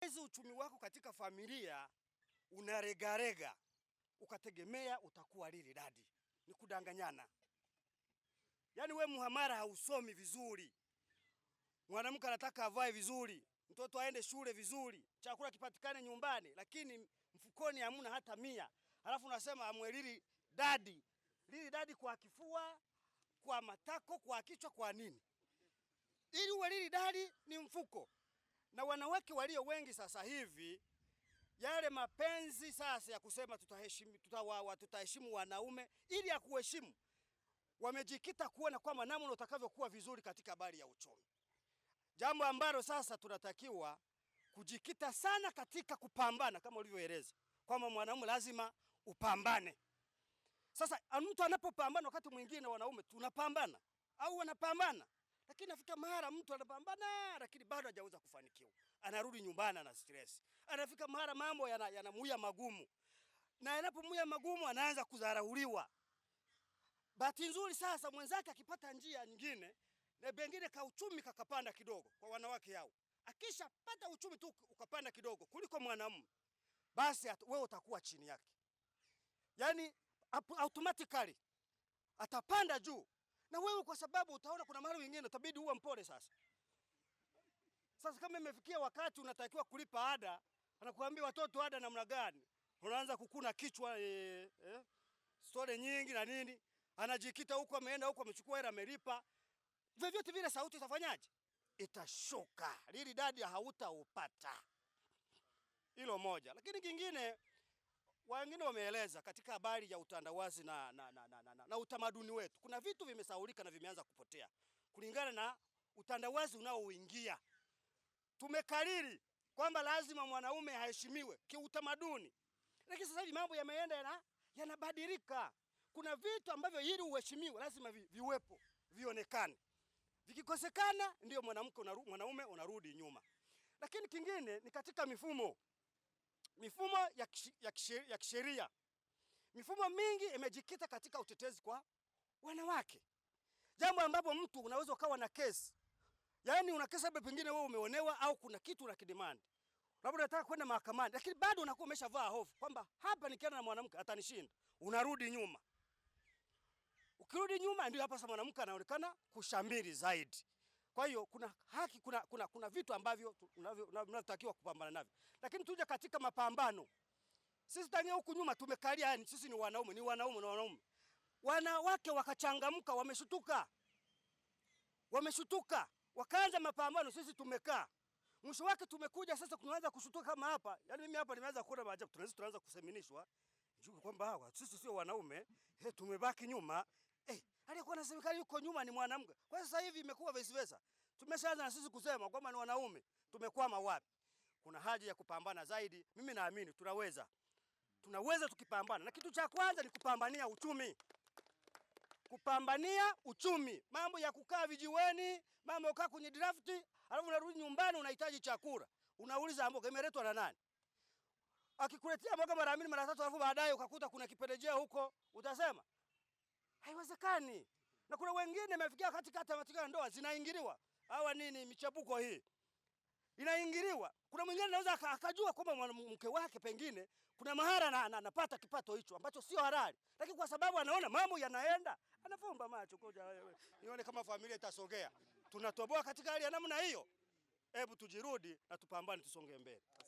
hizi uchumi wako katika familia unaregarega, ukategemea utakuwa lili dadi, ni kudanganyana. Yaani we muhamara hausomi vizuri, mwanamke anataka avae vizuri, mtoto aende shule vizuri, chakula kipatikane nyumbani, lakini mfukoni hamuna hata mia, halafu unasema amwe lili dadi. Lili dadi kwa kifua, kwa matako, kwa kichwa, kwa nini? Ili uwe lili dadi ni mfuko na wanawake walio wengi sasa hivi yale mapenzi sasa ya kusema tutaheshimu, tutawawa, tutaheshimu wanaume ili ya kuheshimu, wamejikita kuona kwamba namna utakavyokuwa vizuri katika habari ya uchumi, jambo ambalo sasa tunatakiwa kujikita sana katika kupambana, kama ulivyoeleza kwamba mwanaume lazima upambane. Sasa mtu anapopambana, wakati mwingine wanaume tunapambana au wanapambana lakini nafika mara mtu anapambana lakini bado hajaweza kufanikiwa. Anarudi nyumbani ana stress. Anafika mara mambo yanamuia yana magumu. Na yanapomuia magumu anaanza kudharauliwa. Bahati nzuri sasa mwenzake akipata njia nyingine na pengine kauchumi kakapanda kidogo kwa wanawake hao. Akishapata uchumi tu ukapanda kidogo kuliko mwanamume, basi wewe utakuwa chini yake. Yaani automatically atapanda juu na wewe, kwa sababu utaona kuna mahali wengine utabidi uwe mpole. Sasa sasa, kama imefikia wakati unatakiwa kulipa ada, anakuambia watoto ada namna gani, unaanza kukuna kichwa e, eh, e, eh, stori nyingi na nini, anajikita huko, ameenda huko, amechukua hela, amelipa. Vyovyote vile sauti itafanyaje? Itashuka. Lili dadi hautaupata. Hilo moja, lakini kingine wengine wameeleza katika habari ya utandawazi na, na, na, na, na, na, na utamaduni wetu, kuna vitu vimesahulika na vimeanza kupotea kulingana na utandawazi unaoingia. Tumekariri kwamba lazima mwanaume aheshimiwe kiutamaduni, lakini sasa hivi mambo yameenda yanabadilika, kuna vitu ambavyo ili uheshimiwe lazima vi, viwepo vionekane, vikikosekana ndio mwanamke mwanaume unarudi nyuma. Lakini kingine ni katika mifumo mifumo ya kisheria. Mifumo mingi imejikita katika utetezi kwa wanawake, jambo ambapo mtu unaweza ukawa na kesi, yaani una kesi labda pengine wewe umeonewa au kuna kitu unakidemand, labda unataka kwenda mahakamani, lakini bado unakuwa umeshavaa hofu kwamba hapa nikienda na mwanamke atanishinda. Unarudi nyuma, ukirudi nyuma ndio hapa sasa mwanamke anaonekana kushamiri zaidi. Kwa hiyo kuna haki, kuna, kuna, kuna vitu ambavyo unavyotakiwa kupambana navyo, lakini tuje katika mapambano. Sisi tangia huku nyuma tumekalia, yani sisi ni wanaume ni wanaume na wanaume, wanawake wakachangamka, wameshutuka, wameshutuka wakaanza mapambano, sisi tumekaa mwisho wake tumekuja sasa, tunaanza kushutuka kama hapa. Yani mimi hapa nimeanza kuona maajabu, tunaanza kuseminishwa juu kwamba hawa sisi sio wanaume, tumebaki nyuma aliyekuwa na serikali yuko nyuma ni mwanamke. Kwa sasa hivi imekuwa vice versa. Tumeshaanza na sisi kusema kwamba ni wanaume tumekwama wapi. Kuna haja ya kupambana zaidi. Mimi naamini tunaweza, tunaweza tukipambana, na kitu cha kwanza ni kupambania uchumi, kupambania uchumi. Mambo ya kukaa vijiweni, mambo ya kukaa kwenye drafti, alafu unarudi nyumbani, unahitaji chakula, unauliza mboga imeletwa na nani? Akikuletea mboga mara mbili mara tatu, alafu baadaye ukakuta kuna kipelejea huko, utasema haiwezekani. Na kuna wengine katika katikati ya ndoa zinaingiliwa, hawa nini, michapuko hii inaingiliwa. Kuna mwingine anaweza akajua kwamba mwanamke wake pengine kuna mahara anapata kipato hicho ambacho sio halali, lakini kwa sababu anaona mambo yanaenda, anafumba macho koja, nione kama familia itasogea. Tunatoboa katika hali ya namna hiyo. Hebu tujirudi na tupambane, tusonge mbele.